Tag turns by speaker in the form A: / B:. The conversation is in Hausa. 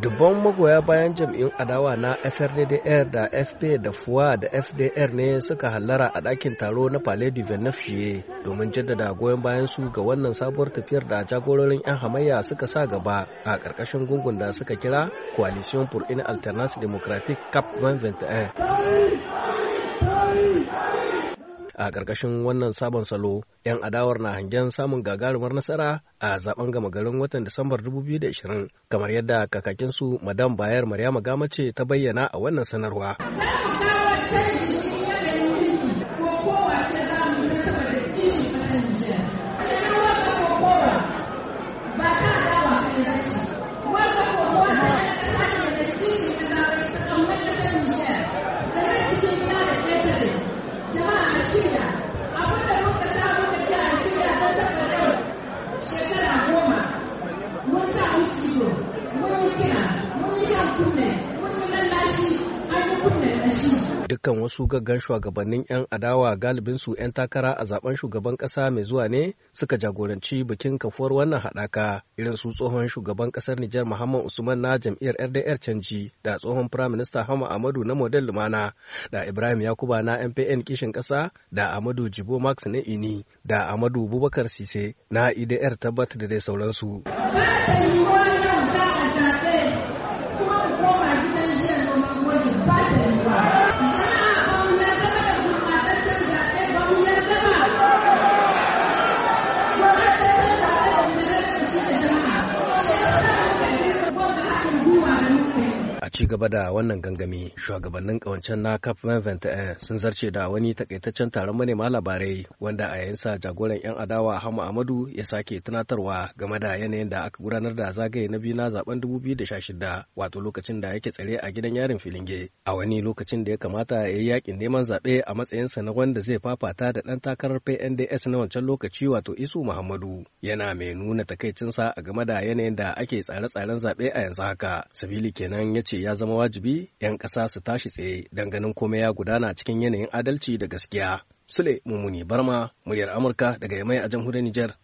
A: Dubban magoya bayan jam'in adawa na FRDDR da FP da FUA da FDR ne suka hallara a ɗakin taro na Palais du Venefie domin jaddada goyon bayan su ga wannan sabuwar tafiyar da jagororin 'yan hamayya suka sa gaba a ƙarƙashin gungun da suka kira Coalition pour une alternance démocratique CAP 2021. a ƙarƙashin wannan sabon salo 'yan adawar na hangen samun gagarumar nasara a zaben gama garin watan disambar 2020 kamar yadda kakakinsu madam bayar maryama gama ce ta bayyana a wannan sanarwa Dukkan wasu gaggan shugabannin 'yan adawa galibinsu 'yan takara a zaben shugaban ƙasa mai zuwa ne suka jagoranci bikin kafuwar wannan haɗaka irin su tsohon shugaban ƙasar Nijar Muhammad Usman na jam'iyyar RDR canji da tsohon firaminista Hama Amadu na model Lumana da Ibrahim Yakuba na MPN kishin ƙasa, da Amadu Jibo Max na Ini da Amadu Bubakar Sise na IDR tabbatar da dai sauransu. A ci gaba da wannan gangami, shugabannin kawancen na kaf sun zarce da wani takaitaccen taron manema labarai wanda a sa jagoran 'yan adawa hamu Amadu ya sake tunatarwa game da yanayin da aka gudanar da zagaye na biyu na zaben 2016 wato lokacin da yake tsare a gidan yarin Filinge. A wani lokacin da ya kamata ya yi yakin neman zaɓe a matsayinsa na wanda zai fafata da ɗan takarar PNDS na wancan lokaci wato Isu Muhammadu yana mai nuna takaicinsa a game da yanayin da ake tsare-tsaren zaɓe a yanzu haka. Sabili kenan ya ce ya zama wajibi 'yan ƙasa su tashi tsaye don ganin komai ya gudana cikin yanayin adalci da gaskiya. Sule Mumuni Barma, muryar Amurka daga Yamai a jamhuriyar Nijar.